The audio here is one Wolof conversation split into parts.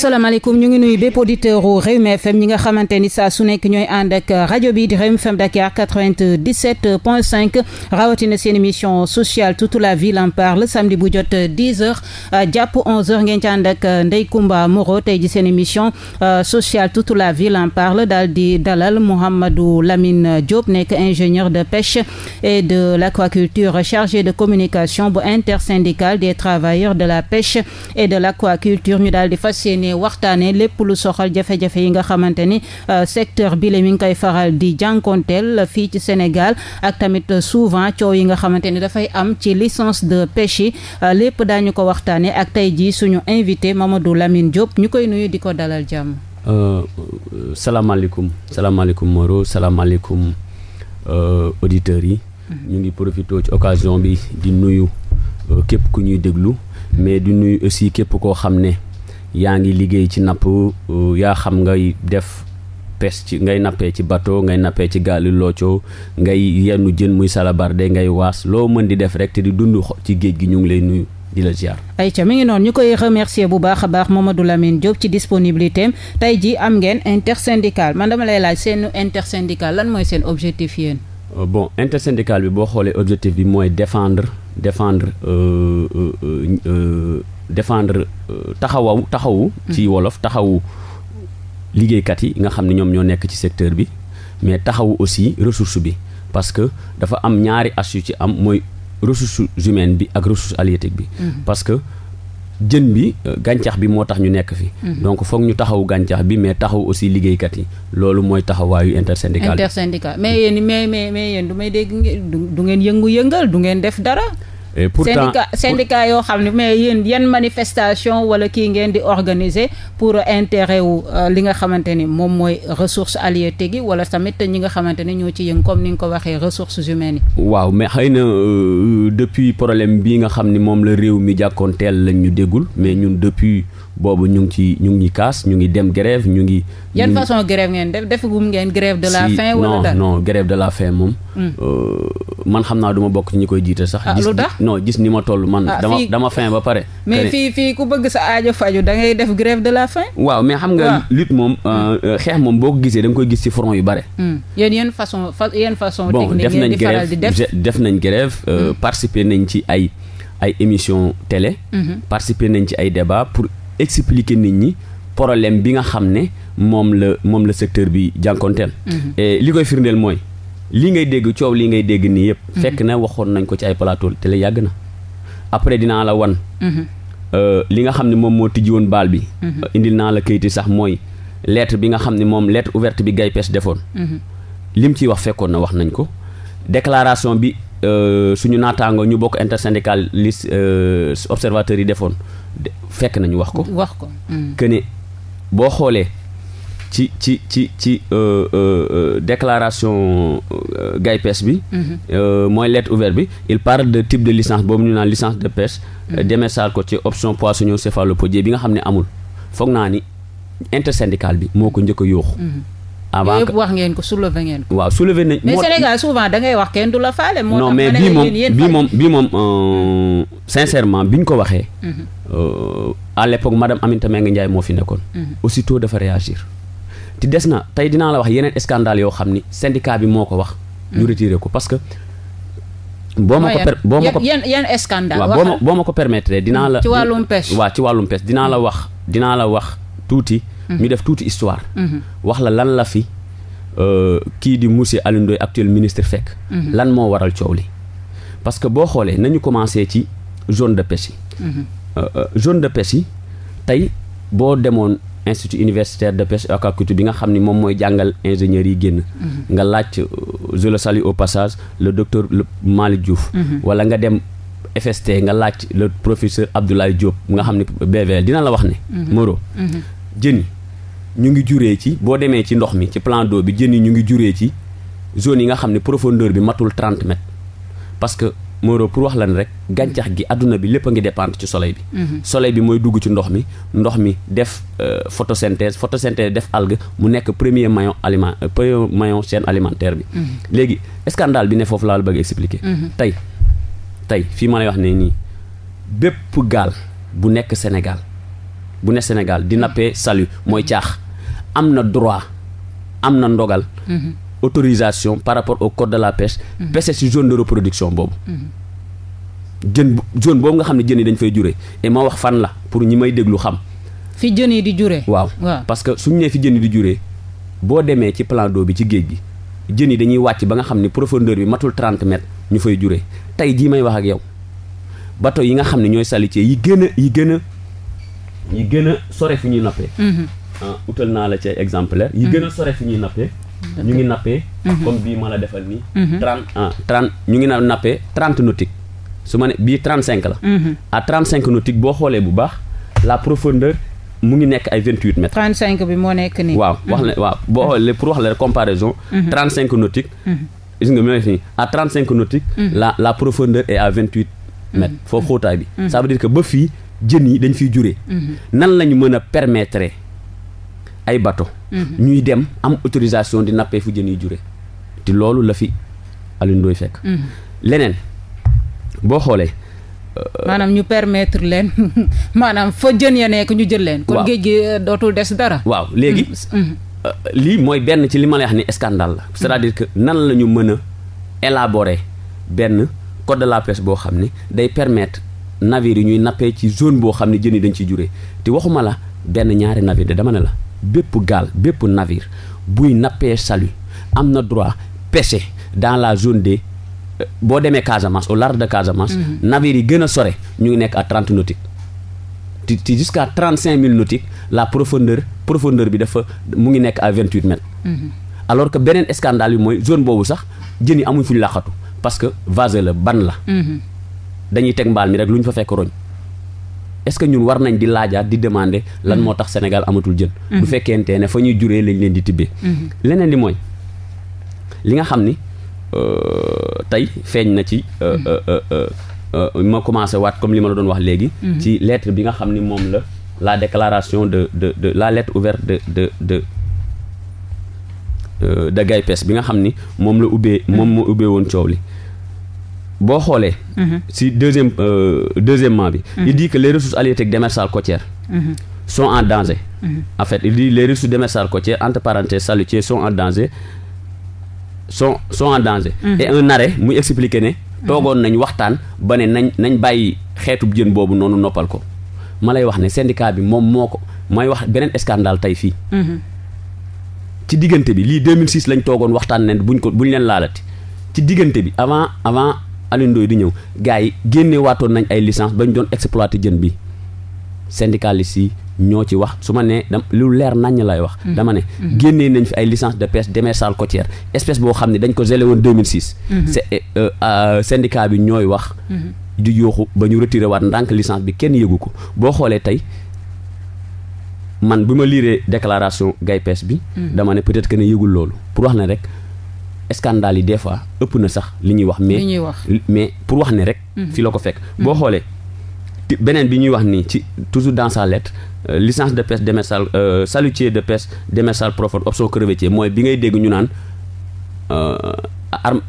asalaamaaleykum ñu ngi nuyu bépp auditeur u Rewmi FM ñi nga xamante ni saa su nekk ñooy ànd ak rajo bi di Rewmi FM Dakar 97 point 5 rawatina seen émission sociale toute la ville en parle samedi bu jot 10 heures euh, jàpp 11 heures ngeen ci ànd ak euh, Ndeye Comba Moreau ji seen émission euh, sociale toute la ville en parle daal di dalal Mouhamadou Lamine Diop nekk ingénieur de pêche et de l'aquaculture chargé de communication bu intersyndicale des travailleurs de la pêche et de l'aquaculture ñu daal di yéene waxtaanee lépp lu soxal jafe-jafe yi nga xamante ni euh, secteur bi la mi ngi koy faral di jànkonteel fii ci Sénégal ak tamit souvent coow yi nga xamante ni dafay am ci licence de pêche yi euh, lépp daañu ko waxtaanee ak tey jii suñu invité Mamadou Lamine Diop ñu koy nuyu di ko dalal jàmm. Euh, salaamaaleykum salaamaaleykum Moro salaamaaleykum auditeurs yi. Mm-hmm. ñu ngi profité ci occasion bi di nuyu képp ku ñuy déglu. Mm-hmm. mais di nuyu aussi képp koo xam ne. yaa ngi liggéey ci napp euh, yaa xam ngay def pes ci ngay nappee ci bateau ngay nappee ci gaali loocoo ngay yennu jën muy de ngay waas loo mën di def rek te di dund ci géej gi ñu ngi lay nuyu di la ziar. ca mi ngi noonu ñu koy remercier bu baax a baax Mamadou Lamine Diop ci disponibilité am tey jii am ngeen intersyndical man dama lay laaj seen intersyndical lan mooy seen objectif yéen. Euh, bon intersyndical bi boo xoolee objectif bi mooy défendre défendre. Euh, défendre euh, taxawaw taxawu. ci mm. wolof taxawu liggéeykat yi nga xam ne ñoom ñoo nekk ci secteur bi mais taxawu aussi ressource bi parce que dafa am ñaari as yu ci am mooy ressource humaine bi ak ressource halieutique bi. Mm-hmm. parce que jën bi euh, gàncax bi moo tax ñu nekk fi. Mm-hmm. donc foog ñu taxawu gàncax bi mais taxaw aussi liggéeykat yi loolu mooy taxawaayu intersyndical. intersyndical mais yéen mais mais mais du may dégg du ngeen yëngu-yëngal du ngeen def dara. et pourtant yoo xam ne mais yéen yan manifestation wala kii ngeen di organiser pour intéret wu euh, li nga xamante ni moom mooy ressources halieutiques yi wala tamit ñi nga xamante ne ñoo ci yëng comme ni nga ko waxee ressources humaines yi. waaw mais xëy na euh, depuis problème bii nga xam ni moom la réew mi jàkkoonteel lañ ñu déggul mais ñun depuis. boobu ñu ngi ci ñu ngi ñuy kaas ñu ngi dem grève ñu ngi. yan façon grève ngeen def defagum ngeen grève de la faim. de la faim moom. Hmm. Euh, man xam naa du ma bokk ci ñi koy jiite sax. Ah, gis non gis ni ma toll man. Ah, dama dama faim ba pare. mais fii fii ku bëgg sa aajo faju da ngay def grève de la faim. waaw mais xam nga lutte moom euh, hmm. euh, xeex moom boo gisee da nga gis ci front yu bare. Hmm. yéen yéen façon fa yéen façon. technique ngeen di faral di def bon def nañ grève def nañ participer nañ ci ay ay émission télé. participer nañ ci ay débat expliquer nit ñi problème bi nga xam ne moom la moom la secteur bi jànkonteel mhm. li koy firndeel mooy li ngay dégg coow li ngay dégg nii yëpp mhm. fekk na waxoon nañ ko ci ay plateau télé yàgg na après dinaa la wan mhm. euh, li nga xam ne moom moo tijji woon baal bi euh, indil naa la kayiti sax mooy lettre bi nga xam ne moom lettre ouverte bi gay defoon lim ciy wax fekkoon na wax nañ ko déclaration bi euh, suñu naataango ñu bokk intersyndical liste observateurs yi defoon fekk nañu wax ko. wax ko hmm. que ne boo xoolee ci ci ci ci euh, euh, euh déclaration euh, GAIPES bi. Hmm. Euh, mooy lettre ouverte bi il parle de type de licence boobu ñu naan licence de pêche. Hmm. démersal ko ci option poissonnier céphalopodier bi nga xam ne amul foog naa ni intersyndical bi moo ko njëkk a yooxu avant ah, yooyu yëpp wax ngeen ko soulever ngeen waaw soulever nañ. mais Sénégal souvent da wax kenn du la faale. moo tax ma ne bii moom bii moom bii moom bi ñu ko waxee. Mhm. Euh, à l'époque madame Aminata Mbengue Ndiaye moo fi nekkoon. Mhm. aussitôt dafa réagir. te des na tey dinaa la wax yeneen scandale yoo xam ni syndicat bi moo ko wax. ñu mhm. retiré ko parce que. boo ma ko per boo ma ko yan yan scandale. waaw ma boo ma ko permettre dinaa la. ci wàllum pêche waaw ci wàllum pêche dinaa la wax dinaa la wax tuuti. ñu def tuuti histoire. wax la lan la fi euh, kii di monsieur Alioune Ndoye actuel ministre fekk. Mhm. lan moo waral coow li. parce que boo xoolee nañu commencé ci zone de pêche yi. Mhm. Euh, euh, zone de pêche yi tey boo demoon institut universitaire de pêche et aquaculture bi nga xam ni moom mooy jàngal ingénieurs yi génn. Mhm. nga laaj je le salue au passage le docteur Malick Diouf. wala nga dem. FST nga laaj le professeur Abdoulaye Diop nga xam ne BVL dina la wax ni Moro ñu ngi juree ci boo demee ci ndox mi ci plan bi jën yi ñu ngi juree ci zone yi nga xam ne profondeur bi matul 30 mètres parce que Moreau pour wax lan rek gàncax gi àdduna bi lépp a ngi dépendre ci soleil bi. Mhm. soleil bi mooy dugg ci ndox mi ndox mi def euh, photosynthèse photosynthèse def algue mu nekk premier mayon aliment euh, premier maillon chaîne alimentaire bi. Mhm. léegi scandale bi ne foofu laa la bëgg expliquer. Mhm. tey tey fii ma lay wax ne nii bépp gaal bu nekk Sénégal. bu ne Sénégal di nappee salut mooy caax am na droit am na ndogal mm-hmm. autorisation par rapport au code de la pêche mm-hmm. pêche ci zone de reproduction boobu mm-hmm. jën zone boobu nga xam ne jën yi dañ fay jure et ma wax fan la pour ñi may déglu xam fi jën yi di jure waaw parce que suñu nee fi jën yi di juree boo demee ci plan bi ci géej gi jën yi dañuy wàcc ba nga xam ni profondeur bi matul 30 mètres ñu fay jure tey jii may wax ak yow bato yi nga xam ne ñooy salitier yi gën a yi gën a yi gën a sore fi ñuy nappee mhm. ah, utal naa la ci exemplaire yi gën a mhm. sore fi ñuy nappee ñu ngi nappee mhm. comme bii ma la defal nii trente ah ñu ngi na nappee trente nautique su ma ne bii trente cinq la à trente boo xoolee bu baax la profondeur mu ngi nekk ay vingt huit mètres. trente cinq bi moo nekk nii. waaw wax la waaw boo xoolee pour wax la comparaison. trente cinq nautique. gis nga mooy fii à trente cinq nautique. la la profondeur est à vingt huit mètres. bi. ça dire que ba fii. jën yi dañ fiy juree. Mhm. nan la ñu mën a permettre ay bateau mhm. ñuy dem am autorisation di nappee fu jën yi juree. te loolu la fi Alioune Ndoye fekk. Mhm. leneen boo xoolee. Euh, maanaam ñu permettre leen maanaam foo jën ya nekk ñu jël leen. kon géej gi euh, dootul des dara. waaw léegi. Euh, lii mooy benn ci li ma lay ni scandale la. c'est-à-dire que nan la ñu mën a élaborer benn code de la pêche boo xam ne day permettre. navire yi ñuy nappee ci zone boo xam ne jën yi dañ ciy juree te waxuma la benn ñaari navire de dama ne la bépp gaal bépp naviir buy nappee salut am na droit pêcher dans la zone des euh, boo demee Casamance au large de Casamance. Mhm. navire yi gën a sore ñu ngi nekk à trente nautique ti ti jusqu'à trente cinq mille la profondeur profondeur bi dafa mu ngi nekk à vingt huit mhm. alors que beneen scandale bi mooy zone boobu sax jën yi amuñ fu ñu làqatu parce que vase la ban la. Mhm. dañuy teg mbaal mi rek lu ñu fa fekk roñ est-ce que ñun war nañ di laajaat di demander lan moo tax Sénégal amatul jën mm-hmm. bu fekkente ne fa ñuy juree lañ leen di tibbee mm-hmm. leneen li mooy li nga xam ni euh, tey feeñ na ci euh, mm-hmm. euh, ma commencé waat comme li ma la doon wax léegi ci lettre bi nga xam ni moom la la déclaration de de de la lettre ouvert de de de de bi nga xam ni moom la ubbee moom moo ubbee woon coow li boo xoolee. Mhm. si deuxième euh, deuxièmement bi. Mhm. il dit que les ressources halieutiques démersales côtières. Mhm. sont en danger. en fait il dit les ressources démersales côtières entre parenthèses salutiers sont en danger sont sont en danger. et un arrêt muy ne. toogoon nañ waxtaan ba nañ nañ bàyyi xeetu jën boobu noonu noppal ko ma lay wax ne syndicat bi moom moo ko may wax beneen scandale tey fii. ci diggante bi lii 2006 lañ toogoon waxtaan ne buñ ko buñ leen laalati ci diggante bi avant avant. Alioune Ndoye di ñëw gars yi génne waatoon nañ ay licence bañ doon exploité jën bi syndicalistes yi ñoo ci wax su ma nee dam lu leer naññ laay wax. Mm. dama ne mm. génnee nañ fi ay licence de pêche démersale côtière espèce boo xam ne dañ ko gelé woon 2006. Mm-hmm. c'est euh, euh, syndicat bi ñooy wax. Mm-hmm. di yooxu ba ñu retiré waat ndànk licence bi kenn yëgu ko boo xoolee tey man bi ma liiree déclaration gay pes bi. Mm. dama ne peut-être que ne yëgul loolu pour wax na rek. scandale yi des fois ëpp na sax li ñuy wax. mais mais pour wax ne rek. Mhm. fi la ko fekk mhm. boo xoolee. beneen bi ñuy wax nii ci toujours dans sa lettre euh, licence de pêche démersale euh, chalutier de pêche démersale profond option crevettier mooy bi ngay dégg ñu naan euh, arm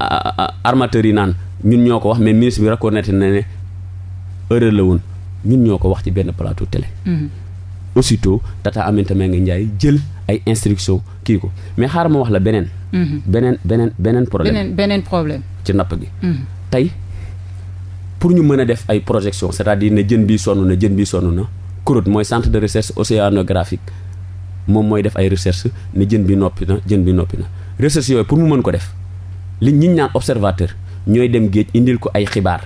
armateur yi naan ñun ñoo ko wax mais ministre bi reconnaître na ne erreur la woon ñun ñoo ko wax ci benn plateau télé. Mhm. aussitôt Tata Aminata Mbengue Ndiaye jël ay instructions kii ko mais xaaral ma wax la beneen. Mhm. beneen beneen beneen problème beneen beneen problème. ci napp gi. Mhm. tey pour ñu mën a def ay projection c'est-à-dire ne jën bi sonn na jën bi sonn na CROD mooy centre de recherche océanographique moom mooy def ay recherche ne jën bi noppi na jën bi noppi na recherche yooyu pour mu mën ko def li ñi ñaan observateur ñooy dem géej indil ko ay xibaar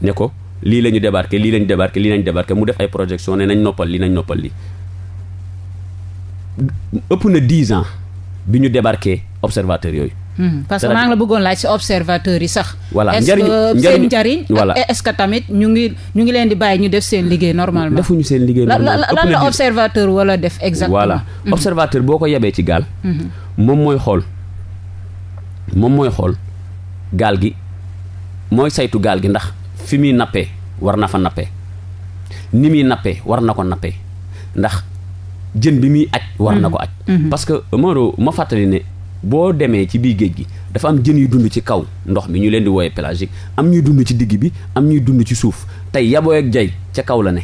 ne ko lii la ñu débarqué lii la ñu débarqué lii la ñu débarqué mu def ay projection ne nañ noppal lii nañ noppal lii bi ñu débarqué observateur yooyu. Hmm, parce que maa ngi la bëggoon laaj ci observateur yi sax. voilà njariñ est-ce que seen njariñ. voilà tamit ñu ngi ñu ngi leen di bàyyi ñu def seen liggéey normalement. defuñu seen liggéey normalement lan la observateur wala def. exactement voilà hmm. observateur boo ko yebee ci gaal. Hmm. moom mooy xool moom mooy xool gaal gi mooy saytu gaal gi ndax fi muy nappee war na fa nappee ni muy nappee war na ko nappee ndax. jën bi muy aj war na mm-hmm. ko aj mm-hmm. parce que Maodo ma fàttali ne boo demee ci biir géej gi dafa am jën yu dund ci kaw ndox mi ñu leen di wooye pélagique am ñuy dund ci digg bi am ñuy dund ci suuf tey yaboo ak jay ca kaw la ne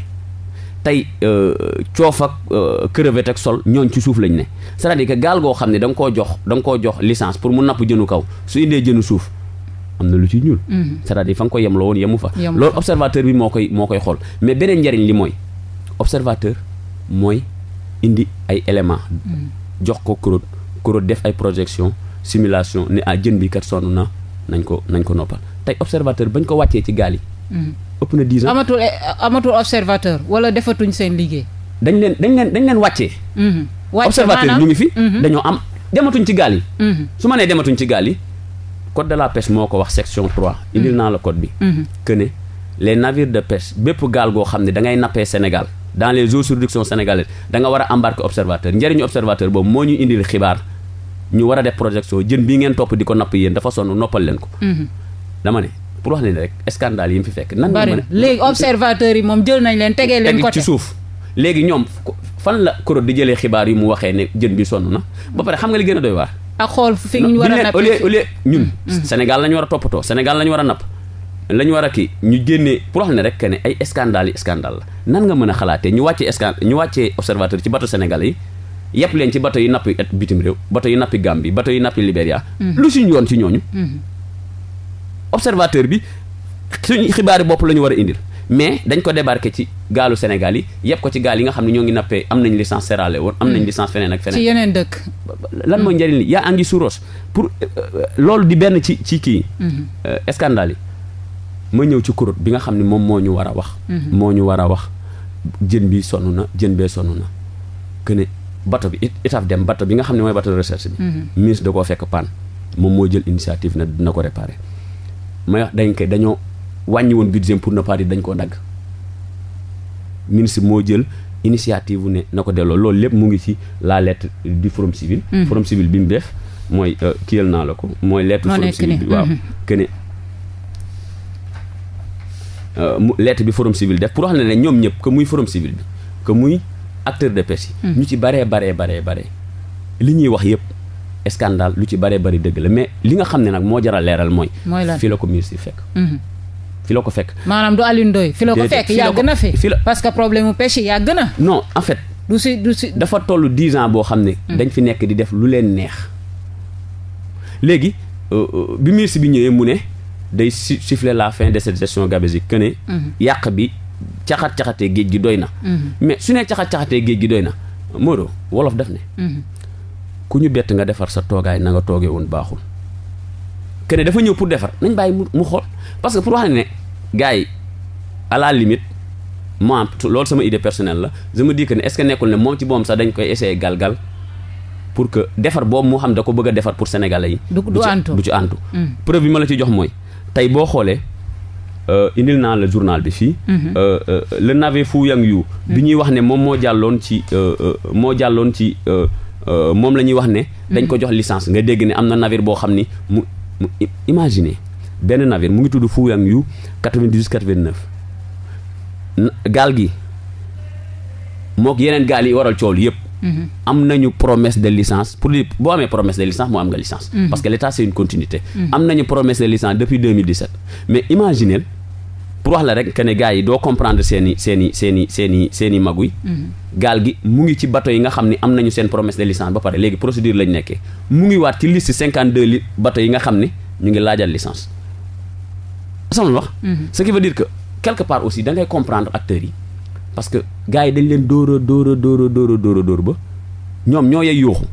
tey euh, coof ak euh, crevette ak sol ñooñ ci suuf lañ ne cest à gaal goo xam ne da nga koo jox danga koo jox licence pour mu napp jënu kaw su indee jënu suuf am na lu ci ñuul mm-hmm. cest fa nga ko yem yemloo woon yemu fa loolu observateur bi moo koy moo koy xool mais beneen li mooy observateur mooy indi ay éléments. Mm. jox ko kuréel kuréel def ay projection simulation ni ah jën bi kat sonn na nañ ko nañ ko noppal tey observateur bañ ko wàccee ci gaal yi. Mm. ëpp na dix ans eh, amatul observateur wala defatuñ seen liggéey. dañ leen dañ leen dañ leen wàccee. Mm-hmm. wàccee observateur ñu ngi fi. Mm-hmm. dañoo am dematuñ ci gaal yi. Mm-hmm. su ma nee dematuñ ci gaal yi. code de la pêche moo ko wax section trois. indil naa la code bi. que ne les de pêche bépp gaal goo xam ne da ngay nappee Sénégal. dans les juridictions sénégalaises da nga war a embarquer observateur njëriñu observateur boobu moo ñu indil xibaar ñu war a def projection jën bii ngeen topp di ko napp yéen dafa sonn noppal leen ko. Mhm. dama ne pour wax leen rek scandale yi mu fi fekk. nan la mën léegi observateur yi moom jël nañ leen tegee leen côté ci suuf. léegi ñoom fan la koro di jëlee xibaar yi mu waxee ne jën bi sonn na ba xam nga li gën a doy waar. ak xool fi ñu war a napp mhm. war toppatoo Sénégal la ñu war a napp lañ war a kii ñu génnee pour wax ne rek ne ay scandale yi la nan nga mën a xalaatee ñu wàccee scandale ñu wàccee observateur ci bato sénégalais yi yëpp leen ci bato yu nappi bitim réew bato yu nappi Gambie bato yu nappi Libéria mm-hmm. lu suñu yoon ci ñooñu mm-hmm. observateur bi suñu xibaari bopp la war a indil mais dañ ko débarqué ci gaalu Sénégal yi yëpp ko ci gaal yi nga xam ne ñoo ngi nappee am nañ licence Sierra woon am nañ mm-hmm. licence feneen ak feneen. ci yeneen dëkk. lan mooy njëriñ li yaa angi suuroos pour euh, euh, loolu di benn ci ci kii. Euh, scandale yi ma ñëw ci kurut bi nga xam ne moom moo ñu war a wax mhm. moo ñu war a wax jën bi sonn na jën bee sonn na que bato bi itaf dem bato bi nga xam ne mooy bato de recherche bi mhm. ministre da koo fekk pann moom moo jël initiative na dina ko réparer may dañ koy dañoo wàññi woon budget pour ne dañ koo dagg ministre moo jël initiative ne na ko delloo loolu lépp mu ngi ci la lettre du forum civil mhm. forum civil bi mu def mooy euh, kiyal naa la ko mooy lettre forum civil waaw que Euh, lettre bi forom civil def pour wax ne ne ñoom ñëpp ko muy forum civil bi que muy acteur de pêche yi hmm. ñu ci baree baree baree baree li ñuy wax yëpp scandale lu ci baree bari dëgg la mais li nga xam ne nag moo jaral leeral mooy fi la ko ministre yi fekk hmm. fi la ko fekk maanaam du Alioune Ndoye fi la ko fekk yàgg na fi parce que problème mu pêche yi a na non en fait du si du si dafa toll dix ans boo xam ne hmm. dañ fi nekk di def lu leen neex léegi euh, euh, bi ministre bi ñëwee mu ne day siffler la fin de cette gestion gabégique que ne mhm. yàq bi caxat-caxatee géej gi doy na mhm. mais su nee caxat-caxatee géej gi doy na Modou wolof def ne mhm. ku ñu bett nga defar sa toogaay na nga toogee woon baaxul que dafa ñëw pour defar nañ bàyyi mu xool parce que pour wax ne ne gars yi à la limite moi loolu sama idée personnelle la je me ne est ce nekkul ne moom ci boom sax dañ koy essayer galgal pour que defar boobu moo xam da ko bëgg defar pour sénégalais yi du ci antu preuve ma la ci jox mooy tey boo xoolee euh, indi naa la journal bi fii. Mhm. Euh, euh, le navet Fu yu mhm. bi ñuy wax ne moom moo jàlloon ci moo jàlloon ci moom la ñuy wax ne. Mhm. dañ ko jox licence nga dégg ni am na navir boo xam ni mu mu imaginer benn navire mu ngi tudd Fu Yanyu 98 89. gaal gi mook yeneen gaal yi waral coow yëpp. Mm-hmm. am nañu promesse de licence pour li boo amee promesse de licence moo am nga licence. Mm-hmm. parce que l' état c' est une continuité. Mm-hmm. am nañu promesse de licence depuis 2017 mais imaginez pour wax la rek que ne yi doo comprendre seen i seen i seen seeni seeni i seen maguy. gaal gi mu ngi ci bateau yi nga xam ni am nañu seen promesse de licence ba pare léegi procédure lañ nekkee mu ngi waat ci liste 52 li bateau yi nga xam ni ñu ngi laajal licence. sama wax. ce qui que quelque part aussi da ngay comprendre acteurs yi. parce que gars yi dañ leen dóor a dóor a dóor a dóor a dóor a dóor ba ñoom ñoo yey yooxu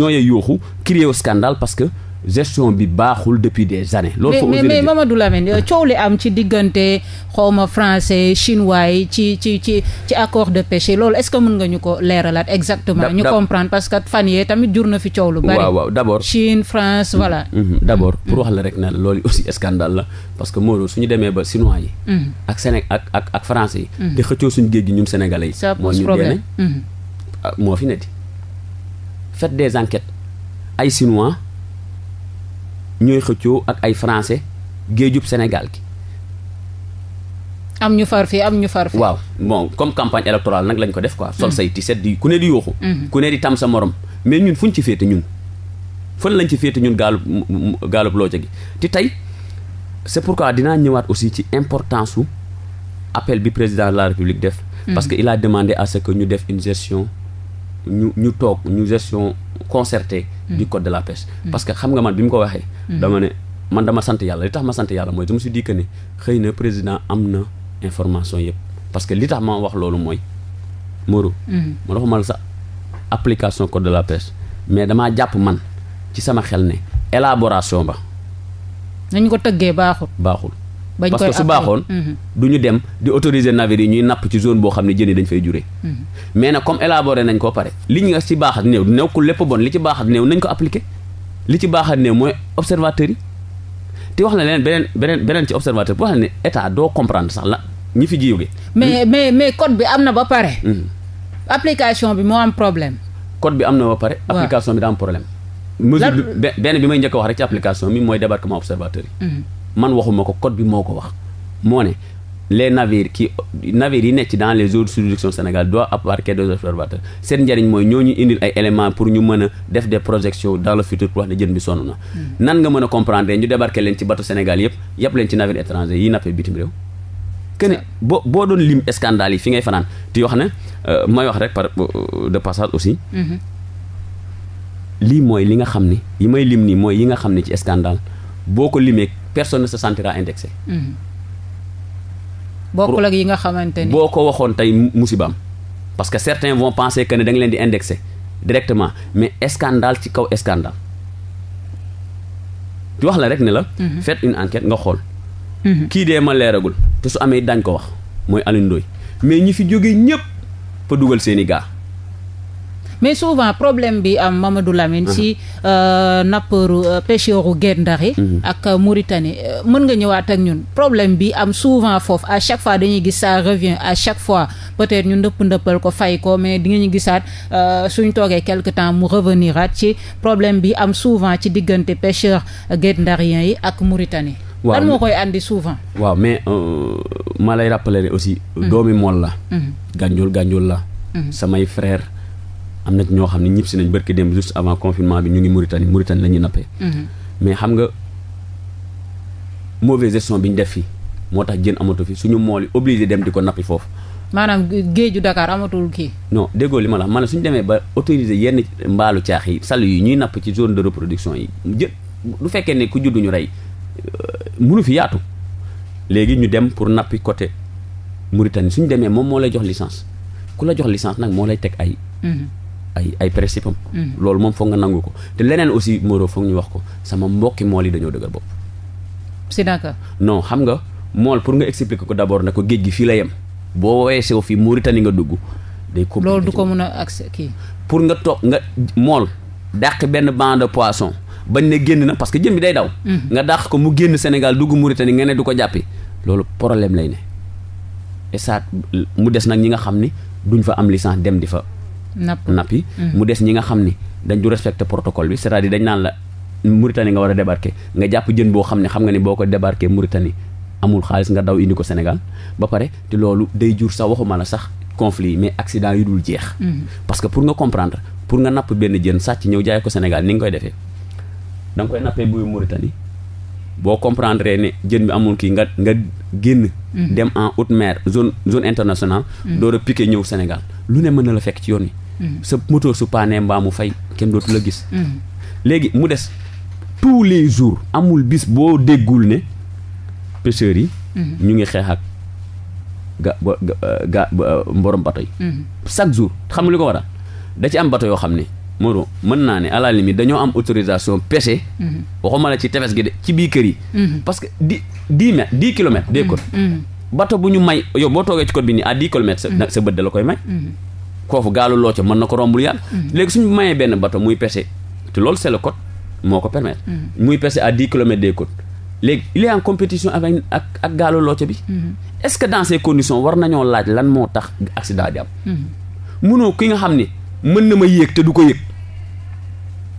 ñoo yey yooxu créer scandale parce que gestion bi baaxul depuis de années. loolu foofu mais mais Mamadou Lamine euh, coow li am ci diggante xawma français chinois yi ci ci ci ci accord de pêche loolu est-ce que mën nga ñu ko leeralaat exactement. ñu comprendre parce que fan yee tamit jur na fi coow lu bari. waaw waaw d'abord Chine France voilà. Mm-hmm, mm-hmm, d'abord pour wax la rek na loolu aussi scandale la parce que moo su ñu demee ba chinois yi. Mm-hmm. ak Séné ak ak ak français yi. te xëccoo suñu géej gi ñun sénégalais yi. Ah, moo fi ne des enquêtes ay ñooy xëccoo ak ay français géejub Sénégal gi. am ñu far fii am ñu far fii. waaw bon comme campagne électorale nag lañ ko def quoi. sol mm-hmm. say tiset di ku ne di yooxu. Mm-hmm. ku ne di tam sa morom mais ñun ñu ci féete ñun. fan lañ ci féete ñun gaalub gaalub looja gi te tey c'est pourquoi dinaa ñëwaat aussi ci importance su appel bi président de la république def. Mm-hmm. parce que il a demandé à ce que ñu def une gestion. ñu ñu toog ñu gestion concertée mm. du code de la pêche mm. parce que xam nga man bi mu ko waxee mm. dama ne man dama sant yàlla li tax ma sant yàlla mooy je me suis dit que ne xëy na président am na information yëpp parce que li tax ma wax loolu mooy moo Moreau ma dafa mal sa application code de la pêche mais damaa jàpp man ci sama xel ne élaboration ba nañu ko tëggee baaxul baaxul bañ koy parce baaxoon. Mhm. du ñu dem di autoriser navire yi ñuy napp ci zone boo xam ne jën yi dañ fay juree. Mhm. mais na comme élaboré nañ ko pare li ñu ci baax ak néew ku lépp bon li ci baax ak néew nañ ko appliqué li ci baax ak néew mooy observateurs yi te wax na leen beneen beneen beneen ci observateur wax na ne état doo comprendre sax la ñi fi jiw gi. mais mais mais code bi am na ba pare. Mhm. application bi moo am problème. code bi am na ba pare. application bi daa am problème. mesure benn bi may njëkk wax rek ci application bi mooy débarquement observateur yi. man waxuma ko code bi moo ko wax moo ne les navires qui navires yi nekk dans les eaux de juridiction Sénégal doivent embarquer des observateurs seen njëriñ mooy ñoo ñu indil ay éléments pour ñu mën a def des projections dans le futur pour wax ne jën bi sonn hmm. nan nga mën a comprendre ñu débarquer leen ci bateau Sénégal yëpp yëpp leen ci navire étranger yi nappee bitim réew. que boo boo doon lim scandale yi fi ngay fanaan di wax ne euh, may wax rek par euh, de passage aussi. Mm-hmm. lii mooy li nga xam ni yi may lim nii mooy yi nga xam ne ci scandale boo ko limee. personne ne se sentira indexé. Mm-hmm. bokkul yi nga xamante ni. boo ko waxoon tey musibaam parce que certains vont penser que ne da nga leen di indexé directement mais scandale ci kaw scandale. di wax la rek ne la. Mm-hmm. faites une enquête nga xool. Mm-hmm. kii dee ma leeragul te su amee dañ ko wax mooy Alioune mais ñi fi jógee ñëpp fa dugal seen i gaa. mais souvent problème bi am Mamadou Lamine. si mhm. euh, nappeuru euh, pêcheuru Guet Ndar yi mhm. ak euh, Mauritanie mën nga ñëwaat ak ñun problème bi am souvent foofu à chaque fois dañuy gis ça revient à chaque fois peut-être ñu ndëpp ndëppal ko fay ko mais di nga ñu gisaat suñ toogee quelque temps mu revenir at ci problème bi am souvent ci diggante pêcheur Guet Ndarien yi ak Mauritanie. waaw lan moo koy andi souvent. waaw mais ma lay rappeler aussi. Mhm. doomi mool la. gànjul gànjul la. samay am na ñoo xam ne ñibbisi nañ barki dem juste avant confinement bi ñu ngi Mauritanie Mauritanie la ñuy nappee. Mhm. mais xam nga mauvaise bi ñu def fii moo tax jën amatu fi suñu mool yi obligé dem di ko nappi foofu. maanaam géeju Dakar amatul kii. non li ma la wax maanaam demee ba autoriser yenn mbaalu caax yi sàll yi ñuy napp ci zone de reproduction yi jë du fekkee ne ku juddu ñu rey euh, mënu fi yaatu léegi ñu dem pour nappi côté Mauritanie suñu demee moom moo lay jox licence ku la jox licence nag moo lay teg ay. Mhm. ay ay principe mm. loolu moom foog nga nangu ko te leneen aussi Moreau foog ñu wax ko sama mbokki mool yi dañoo dëgër bopp si naka non xam nga mool pour nga expliquer ko d' abord ne ko géej gi fii la yem boo weesoo fii Mauritanie nga dugg day ko loolu du ko mën a accès kii pour nga toog nga mool dàq benn banc de poisson bañ ne génn na parce que jën bi day daw mm. nga dàq ko mu génn Sénégal dugg Mauritanie nga ne du ko jàppi loolu problème lay ne et ça mu des nag ñi nga xam ni duñ fa am licence dem di fa nappi mhm. mu des ñi nga xam ni dañ du respecté protocole bi cest à dañ naan la Mauritanie nga war a débarquer nga jàpp jën boo xam ne xam nga ni boo ko débarquer Mauritanie amul xaalis nga daw indi ko senegal ba pare te loolu day jur sax waxuma la sax conflit mais accident yu dul jeex mhm. parce que pour nga comprendre pour nga napp benn jën sàcc ñëw jaay ko Sénégal ni nga koy defee da nga koy nappee buy Mauritanie boo comprendre ne jën bi amul kii nga nga génn mhm. dem en haute mer zone zone internationale door a ñëw Sénégal lu ne mën na la fekk ci yoon wi Mm-hmm. sa moto su paanee mbaa mu fay kenn dootu la gis. Mm-hmm. léegi mu des tous les jours amul bis boo déggul ne pêcheurs yi. Mm-hmm. ñu ngi xeex ak ga ga mborom bato yi. chaque jour xam nga ko waral da ci am bato yoo xam ne. Moro mën naa ni à la limite dañoo am autorisation pêcher. waxuma la ci tefes gi de ci bii kër yi. parce que di dix mètres dix kilomètres. des côtes bato bu ñu may yow boo toogee ci côte bi nii à dix kilomètres. sa sa bët da la koy may. koofu gaalu loo ca na ko rombul yàlla mm-hmm. léegi suñu mayee benn muy pêcher te loolu c'est le moo ko permettre mm-hmm. muy pêcher à dix kilomètres des côtes léegi il est en compétition ak ak gaalu looco bi mm-hmm. est-ce que dans ces conditions war nañoo laaj lan moo tax accident di am munoo ki nga xam ni mën na ma yéeg te du ko yëg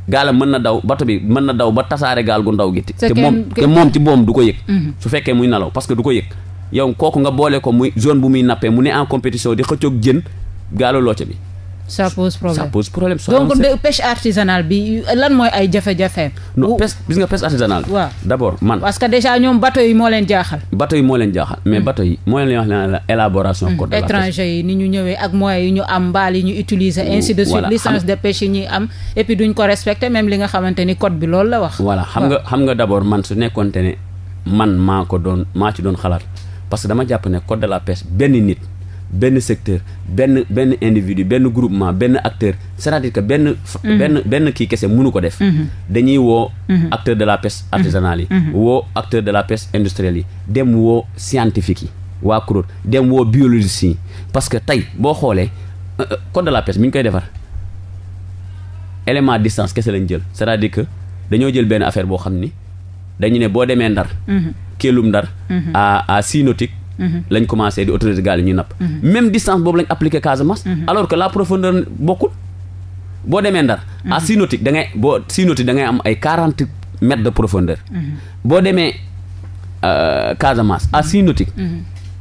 gaalam mën na daw bato bi mën na daw ba tasaare gaal gu ndaw gi te moom te moom du ko yëg su fekkee muy nalaw parce que du ko yëg yow kooku nga boole ko muy zone bu muy nappee mu ne en compétition di xëccoog jën gaalu looca bi. ça pose problème ça de pêche artisanale bi lan mooy ay jafe-jafe. non pêche gis nga pêche artisanale. waaw d' abord man. parce que déjà ñoom bateau yi moo leen jaaxal. bateau yi moo leen jaaxal mais hmm. bateau yi moo leen wax la élaboration. Hmm. code de la pêche étranger yi ni ñu ñëwee ak moyens yi ñu am mbaal yi ñu utiliser. ainsi de suite licence de pêche yi ñuy am. et puis duñ ko respecter même li nga xamante ni code bi loolu la wax. voilà xam nga xam nga d' abord man su nekkoonte ne man maa ko doon maa ci doon xalaat parce que dama jàpp ne code de la benn nit. benn secteur benn benn individu benn groupement benn acteur cest benn mhm. benn benn kii kese mënu ko def mhm. dañuy woo mhm. acteur de la pêche artisanale yi woo acteur de la pêche industrielle yi dem woo scientifique yi waa CROT dem woo biologiste yi parce que tey boo xoolee euh, euh, code de la pêche mi ñu koy defar élément distance kese lañu jël cest à que dañoo jël benn affaire boo xam ni dañu ne boo demee ndar kéelum ndar à à six Mm-hmm. lañ commencé di autoriser gaal yi ñuy napp. Mm-hmm. même distance boobu lañ appliqué Casamance. Mm-hmm. alors que la profondeur bokkul. boo demee Ndar. à Cynoti da ngay boo Cynoti da ngay am ay quarante mètres de profondeur. boo demee euh, Casamance à Cynoti.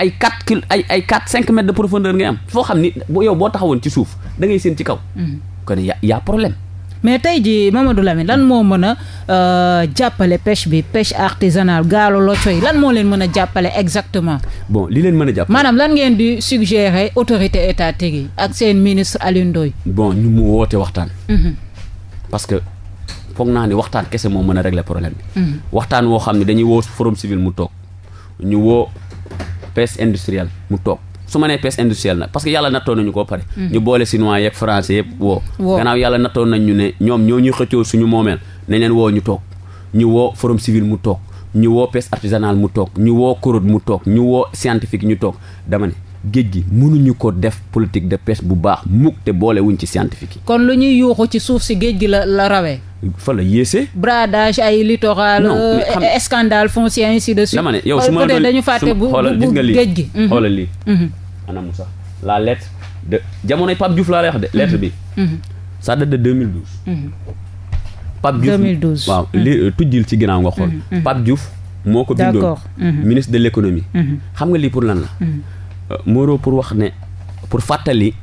ay quatre kil ay ay quatre cinq mètres de profondeur ngay am foo xam ni yow boo taxawoon ci suuf da ngay séen ci kaw. kon y' problème. mais tey ji Mamadou Lamine lan moo mën a euh, jàppale pêche bi pêche artisanale gaalu loco yi lan moo leen mën a jàppale exactement. bon li leen mën a jàppale. maanaam lan ngeen di suggérer autorité étatique yi ak seen ministre Alioune Ndoye. bon ñu mu woote waxtaan. Mhm. parce que foog naa ni waxtaan kese moo mën a régler problème bi. Mhm. waxtaan woo xam ne dañuy woo forum civil mu toog ñu woo pêche industrielle mu toog. su ma nee pêche industrielle nag parce que yàlla nattoon nañu ko pare. Mm. ñu boole chinois yeeg français yëpp woo. woo yàlla nattoon nañ ñu ne ñoom ñoo ñuy xëccoo suñu moomeel nañ leen woo ñu toog ñu woo forum civil mu toog ñu woo pêche artisanale mu toog ñu woo COROD mu toog ñu woo scientifique ñu toog dama ne. géej gi munuñu ko def politique de pes bu baax mukk te boole wuñ ci scientifique yi. kon lu ñuy yuuxu ci suuf si géej gi la la rawee. fa la yéesee. bradage ay littoral. non euh, scandale foncier ainsi de suite. dama ne yow su ma doon dañu fàtte bu bu géej gi. Mhm. xoolal lii. Mhm. anam sax la lettre de jamonoy Pape Diouf laa lay wax de. lettre bi. Mhm. ça date de 2012. Mhm. Pape Diouf 2012 waaw li mhm. euh, tujjil ci ginnaaw nga xool. Pape Diouf moo ko bindoon. ministre de l' économie. xam nga lii pour lan la. Euh, Moro pour wax ne pour fàttali.